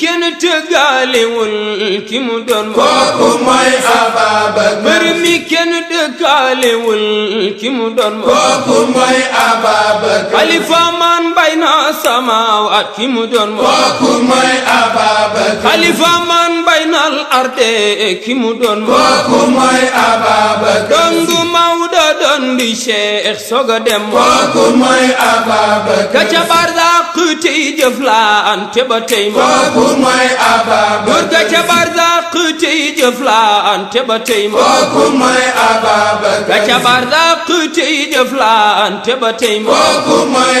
kenn tëggaaliwul ki mu doon kooku mooy Ababacar mbër mi kenn dëkkaaliwul ki mu doon kooku mooy Ababacar xalifa man bay na samaawaat ki mu doon kooku mooy Ababacar xalifa man bay na al arde ki mu doon kooku mooy Ababacar dongu Mawdo andi Cheikh soga dem kooku mooy Ababacar ka ca barzaq tey jëflante ba ma kooku mooy Ababacar ka ca ba tey ma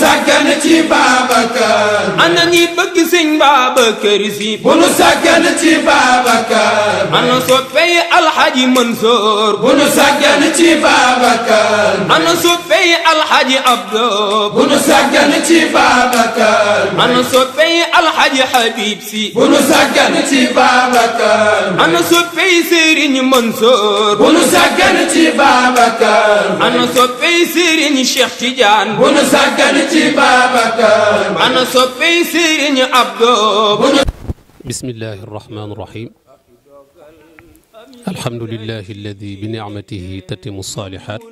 sàggan ci Babacar. ana ñi bëgg sëñ Babacar Si. bu nu sàggan ci Babacar. ana so في الحاج منصور بنو سجن تشيفا بكر انا صفي الحاج عبد بنو سجن تشيفا بكر انا صفي الحاج حبيب سي بنو سجن تشيفا بكر انا صفي سيرين منصور بنو سجن تشيفا بكر انا صفي سيرين شيخ تيجان بنو سجن تشيفا بكر انا صفي سيرين عبد بسم الله الرحمن الرحيم الحمد لله الذي بنعمته تتم الصالحات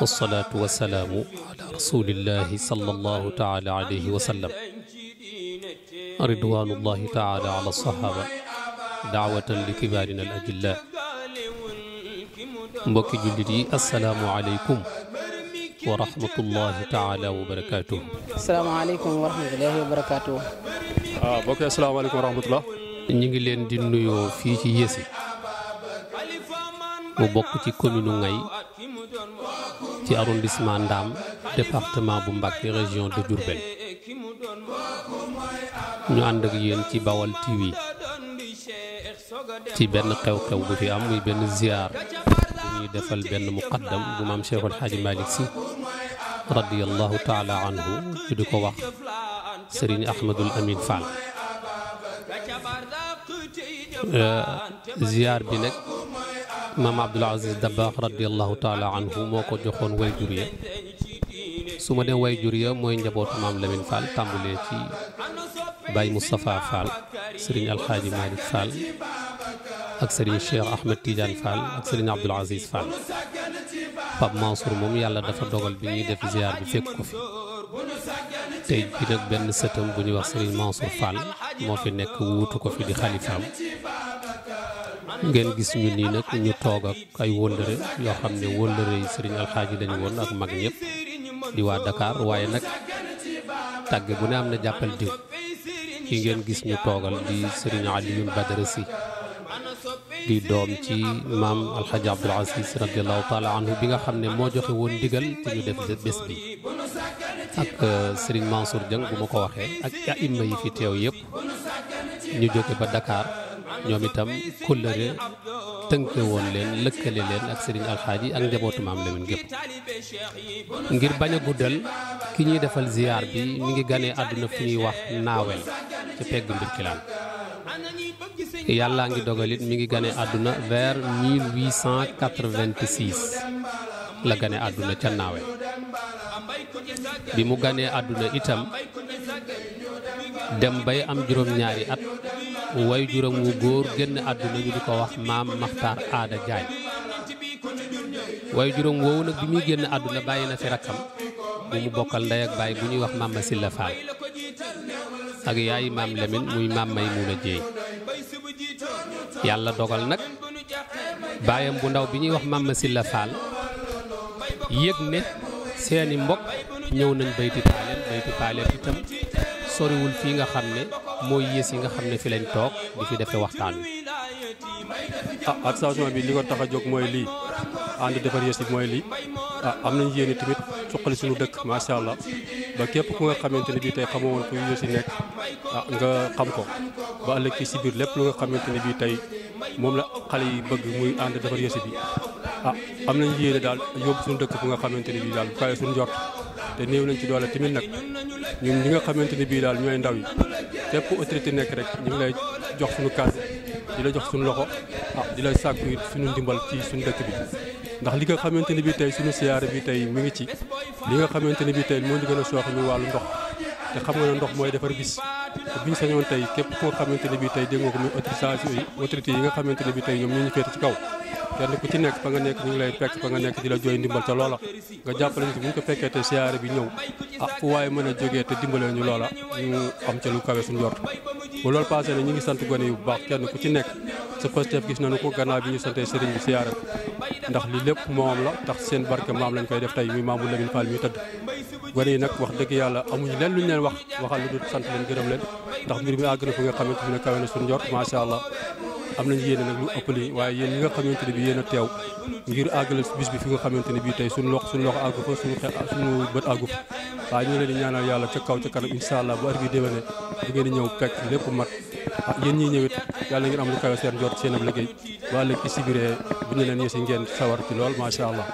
والصلاة والسلام على رسول الله صلى الله تعالى عليه وسلم رضوان الله تعالى على الصحابة دعوة لكبارنا الأجلاء بوكي جلدي السلام عليكم ورحمة الله تعالى وبركاته السلام عليكم ورحمة الله وبركاته آه، بوكي السلام عليكم ورحمة الله ñu ngi leen di nuyoo fii ci yësi mu bokk ci commune Ngay ci arrondissement Ndaam département bu Mbacké région de Diourbel ñu ànd ak yéen ci Bawal TV ci benn xew-xew bu fi am muy benn ziar bu ñuy defal benn muqaddam bu maam Cheikhul Hadji Malick Sy radiyallahu taala anhu ñu di ko wax Serigne Ahmadul Amin Fall ziar bi nag maam Abdoul Aziz Dabakh radiallahu taala anhu moo ko joxoon way jur ya su ma dem way jur ya mooy njabootu maam Lamine Fall tàmbulee ci Baye Moustapha Fall Serigne Alxaaji Malick Fall ak Serigne Cheikh Ahmed Tidiane Fall ak Serigne Abdoul Aziz Fall Pape Mansour moom yàlla dafa dogal bi ñuy def ziar bi fekk ko fi tey bi nag benn sëtam bu ñuy wax Serigne Mansour Fall moo fi nekk wuutu ko fi di xalifaam ngeen gis ñu nii nag ñu toog ak ay wëllëre yoo xam ne wëllëre yi sëriñ alxaaji lañu woon ak mag ñëpp di waa Dakar waaye nag tàgge bu ne am na jàppal diw ki ngeen gis ñu toogal di sëriñ Alioune Badara Sy di doom ci maam alxaaji Abdul Aziz radiallahu taala anhu bi nga xam ne moo joxe woon ndigal ci ñu def bés bi ak euh, sëriñ Mansour Dieng bu ma ko waxee ak aima yi fi teew yëpp ñu jóge ba Dakar ñoom itam kóllëre tënke woon leen lëkkale leen ak Serigne Alxaaji ak njabootu maam Lamine ngir bañ a guddal ki ñuy defal ziar bi mi ngi gane àdduna fu ñuy wax naawel ci pegg Mbirkilaan yàllaa ngi dogalit mi ngi gane àdduna vers 1886 la ganee àdduna ca naawel bi mu ganee àdduna itam dem bay am juróom-ñaari at way juram wu góor génn àdduna ñu di ko wax maam Maxtaar Aada Jaañ way juram woowu nag bi muy génn àdduna bàyyi na fi rakkam bu mu bokkal ndey ak baay bu ñuy wax maam ma Silla Faal ak yaayi maam Lamin muy maam may mun a jéey yàlla dogal nag baayam bu ndaw bi ñuy wax maam ma Silla Faal yëg ne seeni mbokk ñëw nañ bayti paaleen bayti paaleen itam soriwul fii nga xam ne mooy yées yi nga xam ne fi lañ toog di fi defee waxtaan wi. ah ak station bi li ko tax a jóg mooy lii ànd defar yées yi mooy lii ah am nañu yéene tamit suqali suñu dëkk macha allah ba képp ku nga xamante ne bii tey xamoo woon fu yées yi nekk ah, nga xam ko ba ëllëg ci si biir lépp lu nga xamante ne bii tey moom la xale yi bëgg muy ànd defar yées yi ah am nañu yéene daal yóbbu suñu dëkk fu nga xamante ne bii daal bu kawe suñu njort te néew nañ ci doole tamit nag. ñun li nga xamante ni bii daal ñooy ndaw yi képp autorité nekk rek ñu ngi lay jox suñu kàddu di la jox suñu loxo ah di la sàkku suñu ndimbal ci suñu dëkk bi ndax li nga xamante ni bii tey suñu siyaare bi tey mu ngi ci li nga xamante ni bii tey moo ñu gën a sooxe ñu wàllu ndox te xam nga ne ndox mooy defar gis te bu ñu sañoon tey képp koo xamante ne bii tey dégg nga ko muy autorisation yi autorité yi nga xamante ne bii tey ñoom ñoo ñu féete ci kaw kenn ku ci nekk fa nga nekk bu ñu lay fekk fa nga nekk di la jooy ndimbal ca loola nga jàppale ñu si bu ñu ko fekkee te siyaare bi ñëw ah fu waaye mën a jógee te dimbalee ñu loola ñu am ca lu kawe suñu jort loolu passé na ñu ngi sant gone yi bu baax kenn ku ci nekk sa Pastef gis nañu ko gannaaw bi ñu santee sëriñ bi siyaare ndax li lépp moom la tax seen barke maam lañ koy def tey muy maamu Lamine Fall mi tëdd gone yi nag wax dëgg yàlla amuñu leen luñ leen wax waxal sant leen gërëm leen ndax mbir mi nga xamante fi ne kawe na suñu jort macha allah am nañu yéene nag lu ëpp lii waaye yéen li nga xamante ne bi yéen a teew ngir àggale bis bi fi nga xamante ne bi tey suñu loxo suñu loxo àggu fa suñu xel suñu bët àggu fa waaye ñu leen di ñaanal yàlla ca kaw ca kanam incha allah bu at bi déwénee di ngeen di ñëw fekk lépp mat ah yéen ñiy ñëwit yàlla ngeen am lu kawe seen jot seen ab liggéey ba léegi ci sibiree bu ñu leen yësi ngeen sawar ci lool macha allah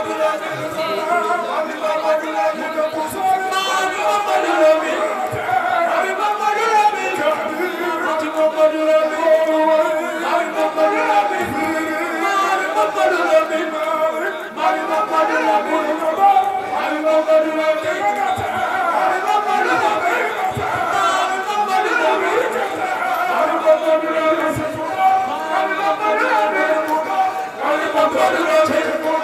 Take a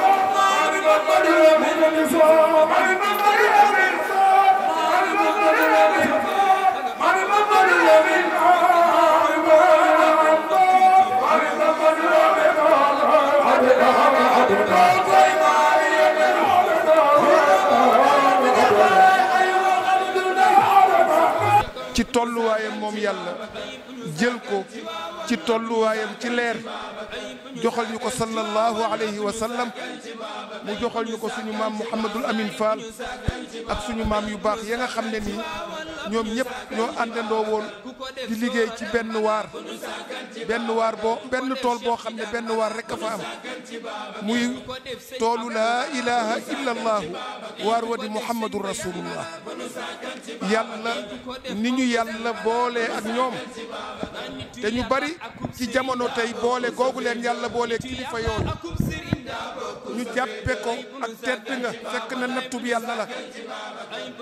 chital आहे मोमाल जेको ci tollu wayam ci leer joxal ñuko sallallahu alayhi wa sallam mu joxal ñuko suñu mam muhammadul Amin Fall ak suñu mam yu bax ya nga xamne ni ñom ñep ño andendo won di liggéey ci benn war benn war bo benn tol bo xamne benn war rek fa am muy tolu la ilaha illa allah war wa di muhammadu rasulullah yàlla ni ñu yàlla boole ak ñom te ñu bari ci jamono tay boole gogulen yàlla boole kilifa yoon ñu jàppe ko ak tedd nga fekk na nattub yàlla la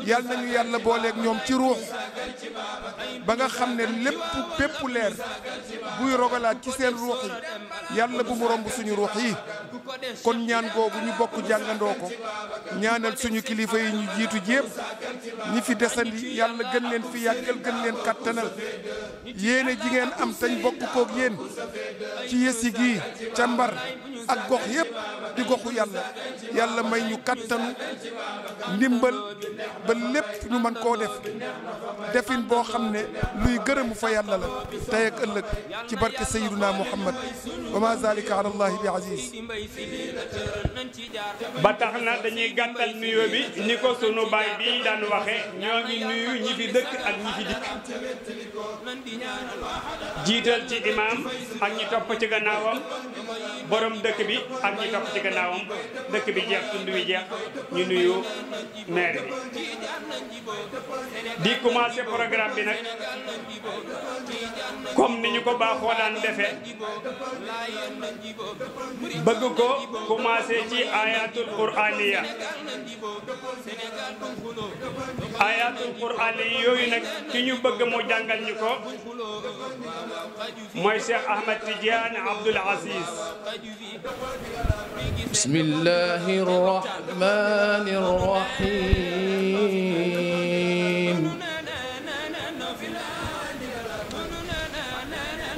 yàlla nañu yàlla booleek ñoom ci ruux ba nga xam ne lépp bépp leer buy rogalaat ci seen ruux yi yàlla bu mu romb suñu ruux yi kon ñaan googu ñu bokk jàngandoo ko ñaanal suñu kilifa yi ñu jiitu jéem ñi fi desandi yàlla gën leen fi yàggal gën leen kattanal yéene ji ngeen am tañ bokk koog yéen ci yësi gii ca mbar ak gox yépp Bye-bye. di goxu yàlla yàlla may ñu kattanu ndimbal ba lépp ñu mën koo def defin boo xam ne luy gërëmu fa yàlla la tey ak ëllëg ci barke sayyiduna muhammad wa ma zalika ala allahi bi aziz ba tax na dañuy gàttal nuyoo bi ni ko sunu baay bi daan waxe ñoo ngi nuyu ñi fi dëkk ak ñi fi dikk jiital ak ñi topp ci gannaawam borom dëkk gannaawam bi jeex tund bi jeex commencé programme bi nag comme ni ñu ko baaxoo daan defee bëgg ko commencé ci ayatul quraniya ayatul quraniya yooyu nag ki ñu bëgg mu jàngal ñu ko mooy Cheikh Ahmed Tidiane Abdoul Aziz بسم الله الرحمن الرحيم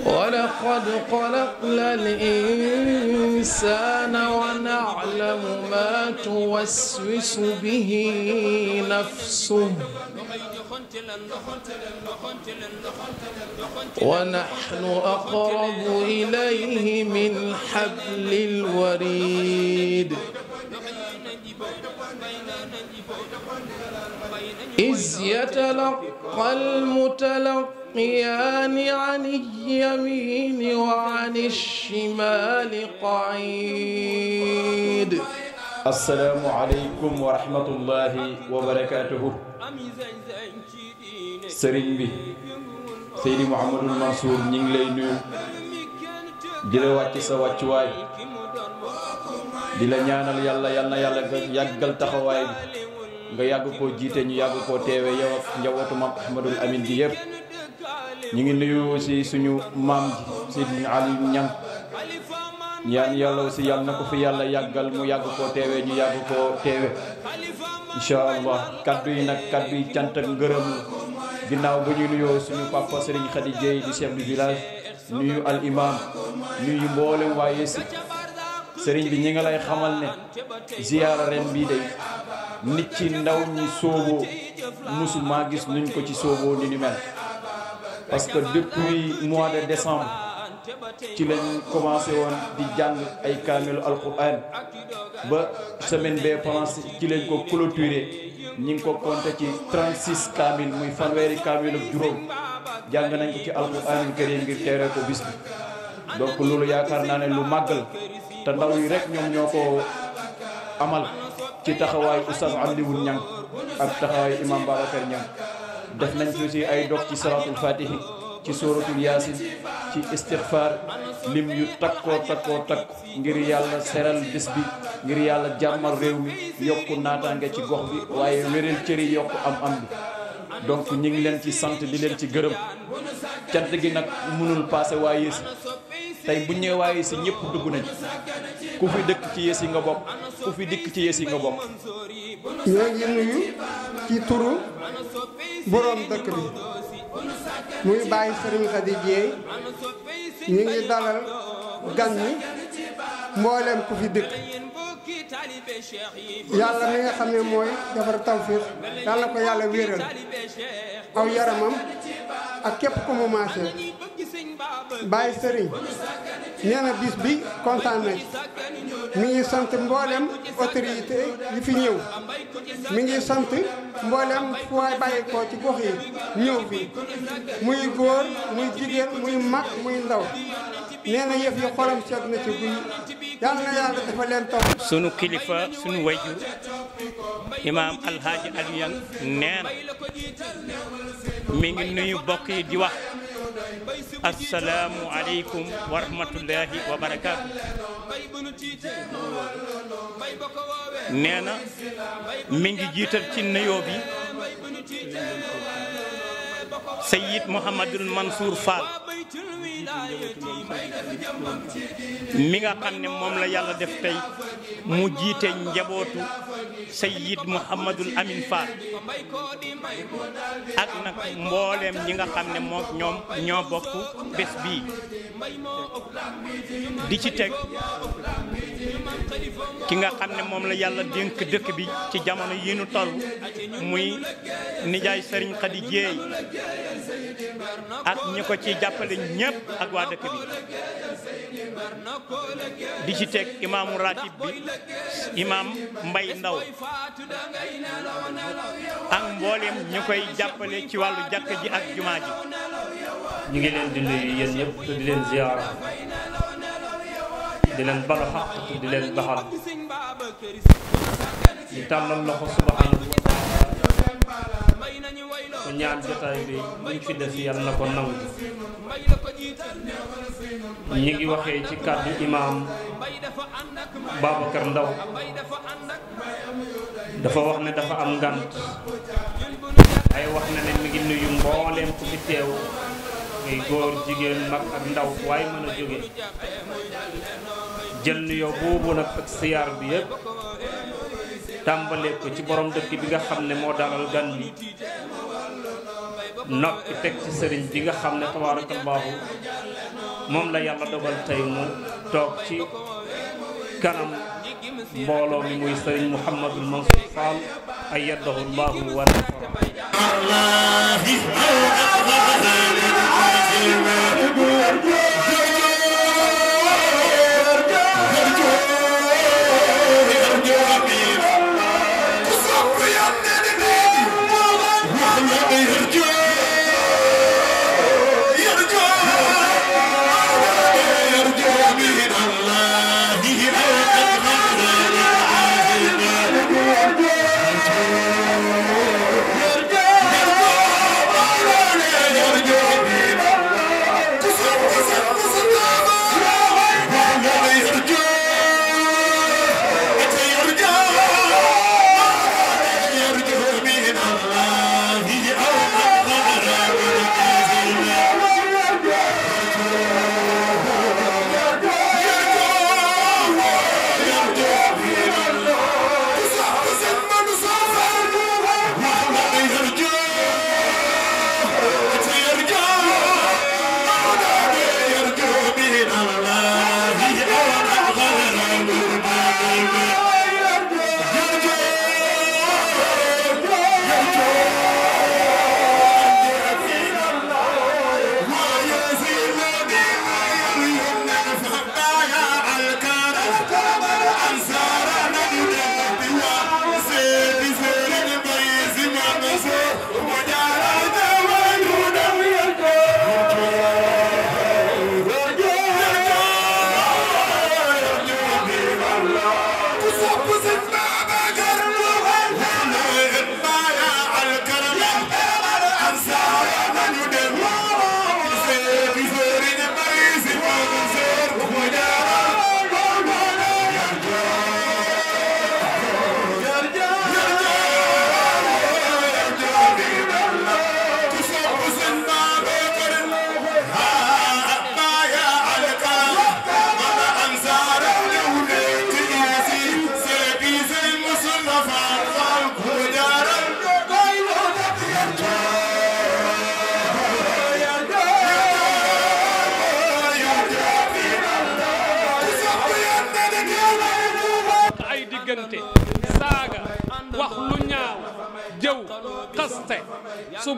ولقد خلقنا الإنسان ونعلم ما توسوس به نفسه ونحن أقرب إليه من حبل الوريد إذ يتلقى المتلقيان عن اليمين وعن الشمال قعيد السلام عليكم ورحمة الله وبركاته sëriñ bi Seydi Mouhamadul Mansour ñi ngi lay nuyu di la wàcc sa wàccuwaay di la ñaanal yàlla yal na yàlla yàggal taxawaay bi nga yàgg koo jiite ñu yàgg koo teewe yow ak njabootu maam Ahmadul Amin gi yëpp ñu ngi nuyu si suñu maam ji Seydi Aliou Niang ñaan yàlla aussi yàlla na ko fi yàlla yàggal mu yàgg koo teewe ñu yàgg ko teewe incha allah kaddu yi nag kaddu cant ak ngërëm ginnaaw ba ñuy nuyoo suñu papa Serigne Khady Dieye di chef du village nuyu al imam nuyu mboolem waa Yeesi Serigne bi ñi nga lay xamal ne ziyaara ren bii day nit ci ndaw ñi sooboo musul maa gis nuñ ko ci sooboo ni ni mel parce que depuis mois de décembre. ci lañ commencé woon di jàng ay kaamilu alquran ba semaine bee pensé ci lañ ko clôturer ñi ngi ko konte ci 36 kaamil muy fanweeri kaamil ak juróom jàng nañ ko ci alquran karim ngir teeree ko bis bi donc loolu yaakaar naa ne lu màgg la te ndaw yi rek ñoom ñoo ko amal ci taxawaayu oustaz Alioune Niang ak taxawaayu imam Babacar Niang def nañ ci aussi ay dox ci salaatul fatihi ci suratul yaasin ci istixfaar lim yu takkoo takkoo takk ngir yàlla seral bés bi ngir yàlla jàmmal réew mi yokku naataange ci gox bi waaye wéral cëri yokku am am bi donc ñi ngi leen ci sant di leen ci gërëm cant gi nag mënul paase waa Yéesi tey bu ñëwee waa Yéesi ñëpp dugg nañ ku fi dëkk ci yi nga bokk ku fi dikk ci yi nga bokk ñoo ngi nuyu ci turu borom dëkk bi muy bàyyi Serigne Khady Dieye ñu ngi dalal gan ñi mbooleem ku fi dëkk yàlla mi nga xam ne mooy defar tawfiix yàlla ko yàlla wéeral aw yaramam ak képp ku mu maase Baye Serigne nee na bis bi kontaan nañ mi ngi sant mboolem autorité yi fi ñëw mi ngi sant mboolem fu waay bàyyi ko ci gox yi ñëw bi muy góor muy jigéen muy mag muy ndaw nee na yëf yi xolam seet na ci guy yàlla na yàlla dafa leen topp sunu kilifa sunu wayjur imaam alhaaji Aliou Niang nee na mi ngi di wax asalaamu aleykum wa rahmatullahi wa barakaatu Sayyid Mouhamadul Mansour Fall mi nga xam ne moom la yàlla def tey mu jiite njabootu Sayyid Mouhamadul Amin Fall ak nag mbooleem ñi nga xam ne moo ñoo bokk bés bi di ci teg ki nga xam ne moom la yàlla dénk dëkk bi ci jamono yi nu toll muy nijaay Serigne Khady Dieye ak ñi ko ci jàppale ñépp ak waa dëkk bi di ci teg imaamu ratib bi imaam Mbay Ndaw ak mboolem ñu koy jàppale ci wàllu jàkk ji ak jumaa ji ñu ngi leen di nuyu yéen di leen ziyaara di leen balu xaq di leen baxal di tàllal loxo subhanahu ku ñaan jotaay bi buñ fi def yàlla na ko nangu ñi ngi waxee ci kàddu imaam Babacar Ndaw dafa wax ne dafa am ngànt ay wax na ne mi ngi nuyu mbooleem ku fi teew ngay góor jigéen mag ak ndaw waaye mën a jóge jël nuyoo boobu nag ak siyaar bi yépp tàmbalee ko ci boroom dëkk bi nga xam ne moo dalal gan bi noppi teg ci sëriñ bi nga xam ne tabaarakallaahu moom la yàlla dogal tey mu toog ci kanam mbooloo mi muy sëriñ Mouhamadul Mansour Fall ayyadahu llaahu wa nasara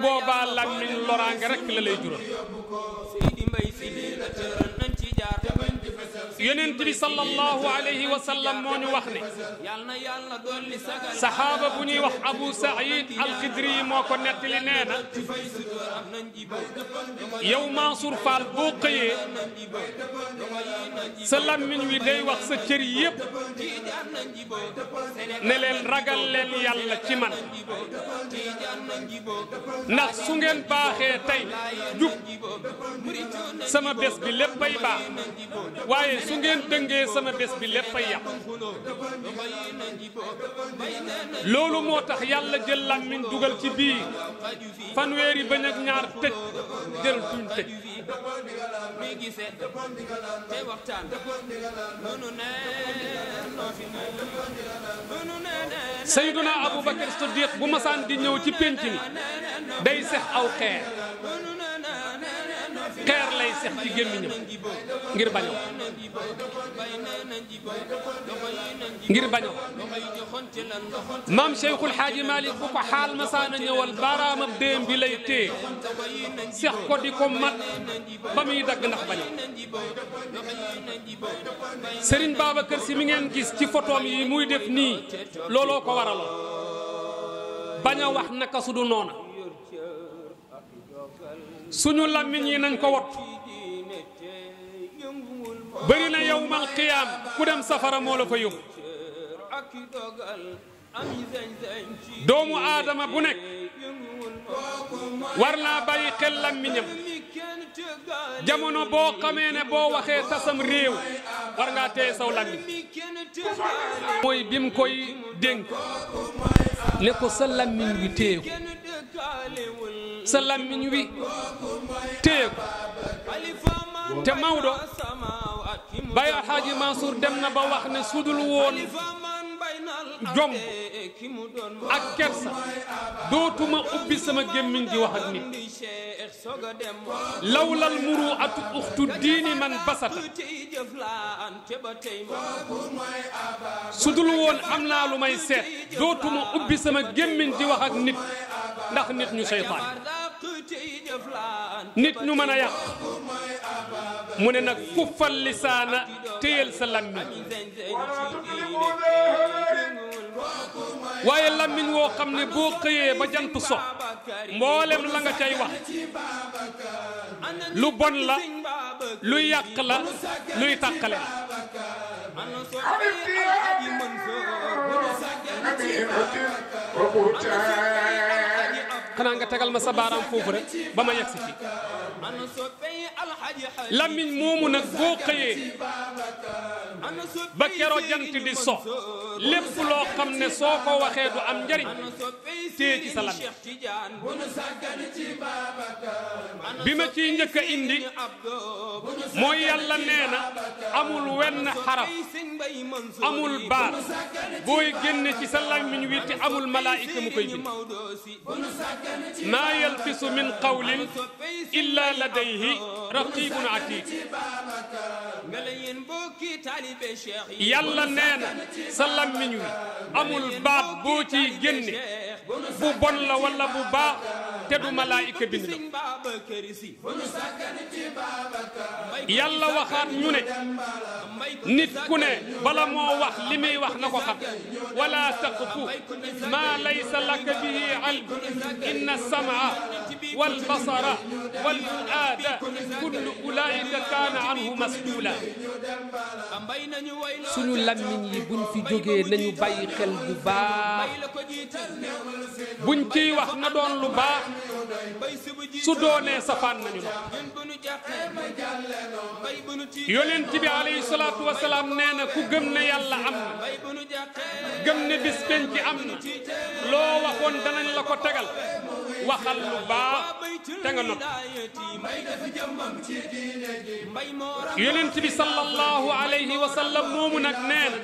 boobaa làmmiñ loraange rekk la lay jural yonent bi sallallahu alayhi wa sallam moo ñu wax ne saxaaba bu ñuy wax abu saïd alxidri yi moo ko nettali nee na يوم ما صرف البقية سلام من ودي وقت كريب نل الرجل لن يلا كمان نخسون باخي تي جو سما بس بلب بي با واي سونجين تنجي سما بس بلب بي لولو موتخ يلا جلان من دوغل كبير فانويري بنا ak ñaar tëj jël tuñ tëj mi gise te waxtaan mënu ne noo fi mënu ne Sayyiduna Abubakar Siddiq bu masaan di ñëw ci pénc mi xeer lay sex ci gémmiñam ngir bañoo ngir bañoo maam Cheikhul Xaaji Malik bu ko xaal masaana ñëwal baaraamab déem bi lay téye sex ko di ko mat ba muy dagg ndax bañoo Serigne Babacar Sy mi ngeen gis ci photoom yi muy def nii looloo ko waraloon bañ a wax naka su du noona suñu làmmiñ yi nañ ko wat bëri na yowmal qiyaam ku dem safara moo la fa yóbbu doomu aadama bu nekk war naa bàyyi xel làmmiñam jamono boo xamee ne boo waxee tasam réew war ngaa téye saw làmmiñ mooy koy dénk ne ko sa làmmiñ wi téye ko sa làmmiñ wi téye ko te Maodo Baye Alxaaji Mansour dem na ba wax ne sudul woon jom ak kersa dootuma ubbi sama gémmiñ di wax ak nit lawlal muru atu uxtu diini man basata su dul woon am naa lu may seet dootuma ubbi sama gémmiñ di wax ak nit ndax nit ñu seytaan nit ñu mën yàq mu ne nag kuffal lisaana téyel sa lammiñ waaye la làmmiñ woo xam ne boo xëyee ba jant so mboolem la nga cay wax lu bon la luy yàq la luy tàqale la xanaa nga tegal ma sa baaraam foofu rek ba ma yegg si fii lamiñ moomu nag boo xëyee ba kero jant di so lépp loo xam ne soo ko waxee du am njariñ téye ci sa lamiñ bi ma ciy njëkk a indi mooy yàlla nee na amul wenn xaraf amul baat booy génne ci sa lamiñ wi te amul malaayika mu koy bind ما يلفظ من قول إلا لديه رقيب عتيق يلا نانا سلام مني أم الباب بوتي جنة بو لا ولا بو با تدو ملائكة بن يلا وخار نوني نيت كوني بلا مو واخ لمي واخ نكو خار ولا تقفو ما ليس لك به علم إن السمع والبصر والفؤاد كل أولئك كان عنه مسؤولا سنو لمن يبن في جوجي لنو باي خل بنتي وحنا دون لبا su doonee safaan nañu la yonent bi alayhi salaatu wa salaam nee na ku gëm ne yàlla am na gëm ne bis penc am na loo waxoon danañ la ko tegal waxal lu baax te nga noppi yonent bi sallallahu alayhi wa sallam moomu nag neen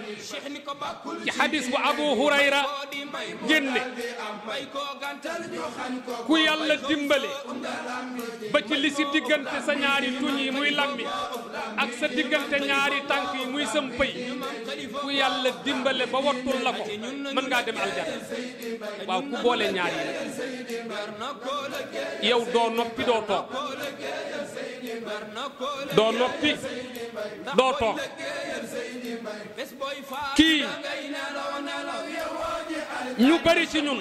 ci xadis bu Abu Hurayra génne ku yàlla dimbale ba ci li si diggante sa ñaari tuñ yi muy lammi ak sa diggante ñaari tànk yi muy sam pëy ku yàlla dimbale ba wattul la ko mën ngaa dem aljanna waaw ku boole ñaari yi yow doo noppi doo toog doo noppi doo toog kii ñu bari ci ñun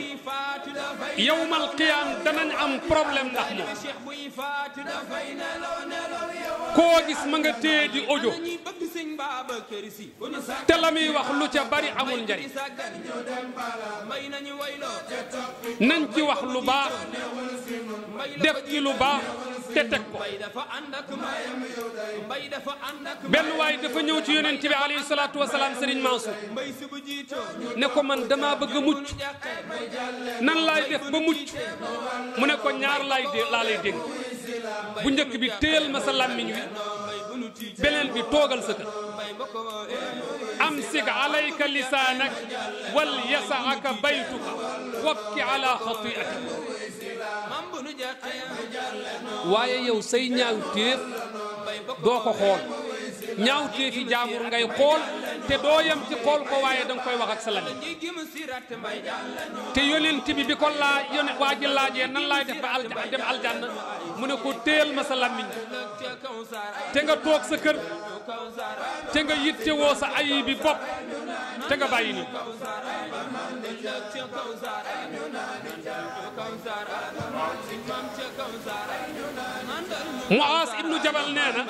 yawmal qiyaam danañ am problème ndax moom. koo gis ma nga téye di audio te la muy wax lu ca bari amul njariñ nañ ci wax lu baax def ci lu baax te teg ko benn waay dafa ñëw ci yonent bi alayhi salaatu wa salaam Serigne Mansour ne ko man dama bëgg a mucc nan laay def ba mucc mu ne ko ñaar laay dé laa lay dégg bu njëkk bi téyel ma sa làmmiñ wi بلن بي توغل سكر امسك عليك لسانك وليسعك بيتك وابكي على خطيئتك واي يو سي نياو تيف دوكو خول نياو تيف جامور غاي خول te doo yem ci xool ko waaye danga koy wax ak sa lamiñ te yonent bi bi ko laa yone waa ji nan laay def ba al dem aljanna mu ne ko téyel ma sa lamiñ te nga toog sa kër te nga yittewoo sa ayi bi bopp te nga bàyyi nii Muaas ibnu Jabal nee na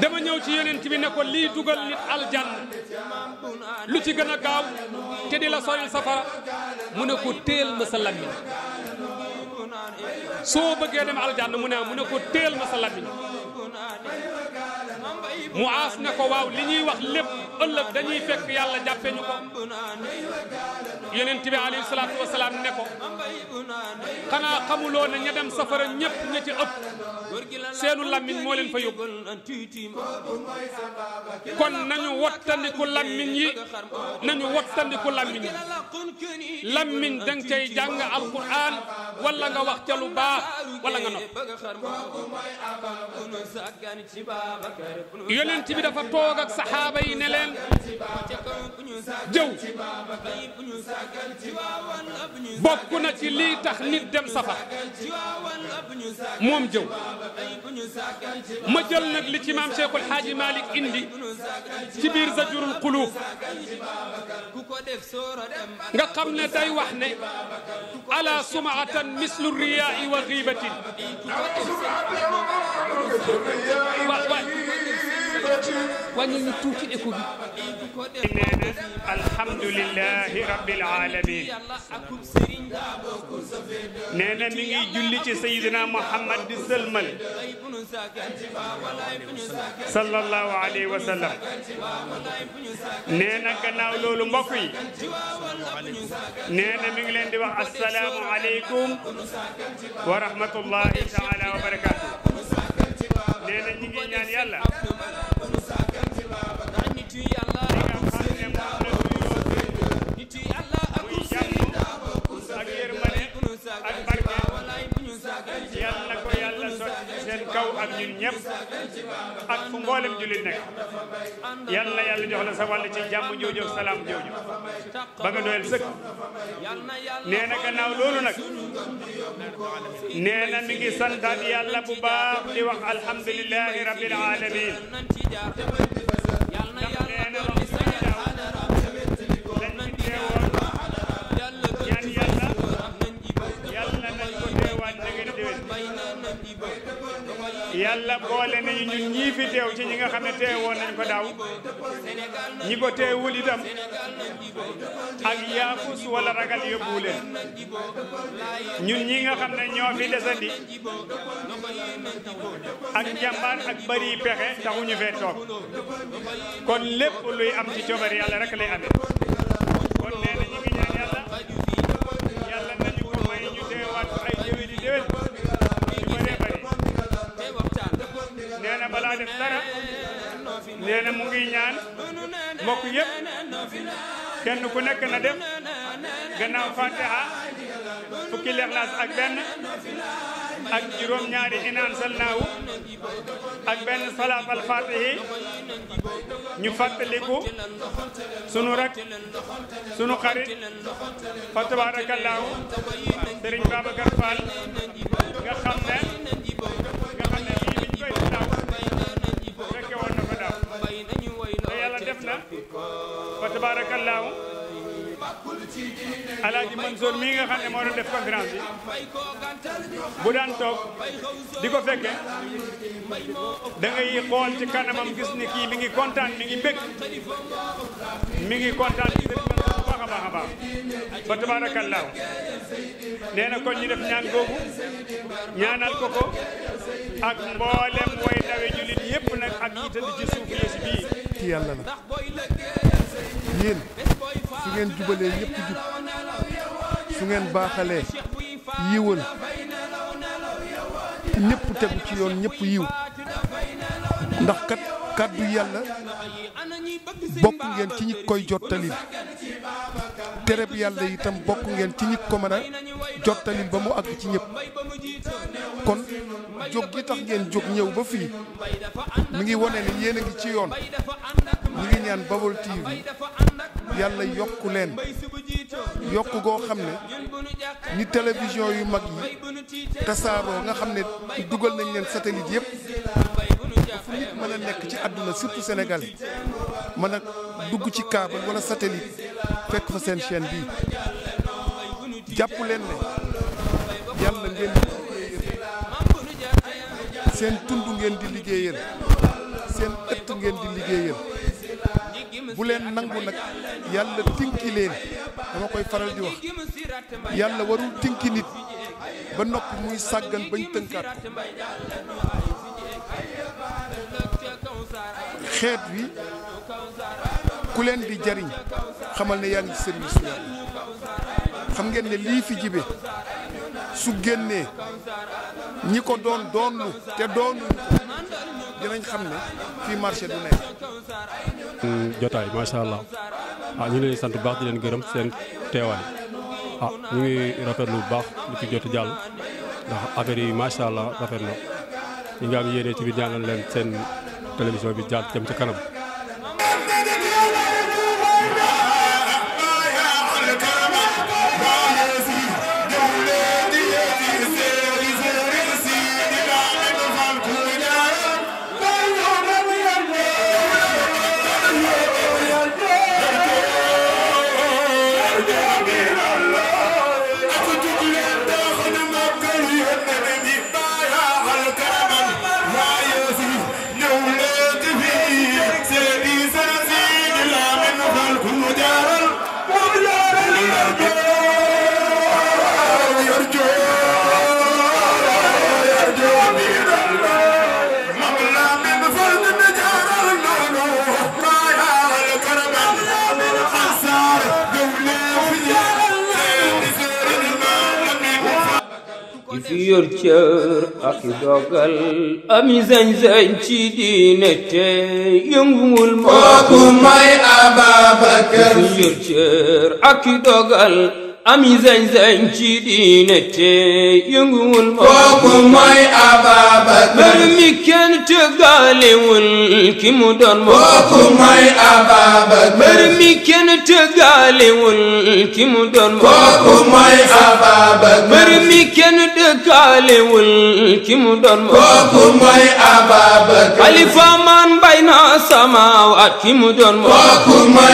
dama ñëw ci yonent bi ne ko lii dugal nit aljanna lu ci gën a gaaw te di la soril safara mu ne ko teel ma sa soo bëggee dem aljanna mu ne ah, mu ne ko teel ma sa lammiñ muaas ne ko waaw li ñuy wax lépp ëllëg dañuy fekk yàlla jàppe ñu ko yonent bi alayhi salaatu wasalaam ne ko xanaa xamuloo ne ña dem safara ñépp ña ci ëpp seenu lammiñ moo leen fa yóbbu kon nañu wattandiku lammiñ yi nañu wattandiku lammiñ yi lammiñ dang cay jàng alquran wala nga wax ca lu baax wala nga nopp يونت بي دافا صحابي اك نلن جو بوكنا سي لي تخ نيت دم صفا موم جو ما جيل نك لي امام شيخ الحاج مالك اندي سي بير زجر القلوب غا خمنا تاي واخنا على سمعه مثل الرياء وغيبه وغيبه وني توتي الحمد لله رب العالمين نانا ميغي جولي سيدنا محمد سلمان صلى الله عليه وسلم نانا كناو لولو مبوكي نانا ميغي لين دي السلام عليكم ورحمه الله تعالى وبركاته نانا ميغي نان يالا kaw ak ñun ñëpp ak fu mboolem mi ngi santaat bu baax di wax alhamdulilahi rabbil alamin Yeah, no, no, no. yàlla boole nañu ñun ñii fi teew ci ñi nga xam ne teewoon nañ ko daaw ñi ko teewul itam ak yaafus wala ragal yóbbu leen ñun ñi nga xam ne ñoo fi desandi ak njàmbaar ak bëri pexe taxuñu fee toog kon lépp luy am ci coobar yàlla rek lay amee. nee na mu ngi ñaan mbokk yëpp kenn ku nekk na def gannaaw fatiha fukki lexlaas ak benn ak juróom ñaari inaan salnaawu ak benn salaat fatihi ñu fàttaliku sunu rak sunu xarit fa tabaarakallaahu Sëriñ Babacar Fall nga xam ne tabaarakallaahu alaaji Mansour mii nga xam moo doon def conférence bu daan toog di ko fekke da ngay xool ci kanamam gis ni kii mi ngi kontaan mi ngi bëgg mi ngi kontaan ci sëriñ Mansour bu baax a a baax ba tabaarakallaahu ñaan googu ñaanal ko ko ak mboolem way dawe jullit yépp nag ak yi tëdd ci suuf yësi bii kii yàlla la yéen ngeen jubalee ñëpp jub su ngeen baaxalee yiwal ñëpp tegu ci yoon ñëpp yiw ndax kat kàddu yàlla bokk ngeen ci ñi koy jottalil tereb yàlla tam bokk ngeen ci ñi ko mën a ba mu àgg ci ñëpp kon jóg gi tax ngeen jóg ñëw ba fii mi ngi wone ne yéen a ci yoon mi ngi ñaan Baol TV yàlla yokk leen yokk goo xam ne ni télévision yu mag yi tasaaroo nga xam ne dugal nañ leen satellite yëpp fu nit mën a nekk ci àdduna surtout Sénégal mën a dugg ci câble wala satellite fekk fa seen chaîne bi jàpp leen ne yàlla ngeen seen tund ngeen di liggéeyal seen ëtt ngeen di liggéeyal bu leen nangu nag yàlla tinki leen dama koy faral di wax yàlla warul tinki nit ba noppi muy sàggan bañ tënkaat ko xeet wi ku leen di jariñ xamal ne yaa ngi ci service yàlla xam ngeen ne lii fi jibe su génnee ñi ko doon doonlu te doonu dinañ xam ne fii marché du nekk jotaay macha allah ah ñu ngi leen sant baax di leen gërëm seen teewaay ah ñu ngi rafetlu bu baax li ci jot jàll ndax affaire yi macha allah rafet na ñu ngi am yéene ci biir ñaanal leen seen télévision bi jàll jëm ci kanam. yor cër ak dogal ami sañ-sañ ci diine te yënguwul moo kooku may Ababakar yor cër ak dogal ami zañ zañ ci diine te yënguwul ma. kooku mooy Ababacar. mbër mi kenn tëggalewul ki mu doon ma. kooku mooy Ababacar. mbër mi kenn tëggalewul ki mu doon ma. kooku mooy Ababacar. mbër mi kenn dëkkalewul ki mu doon ma. kooku mooy Ababacar. Khalifa man bay na sama waat ki mu doon ma. kooku mooy.